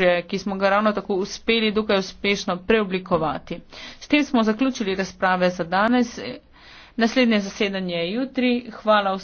orožje, ki smo ga ravno tako uspeli dokaj uspešno preoblikovati. S tem smo zaključili razprave za danes. Naslednje zasedanje je jutri. Hvala vsem.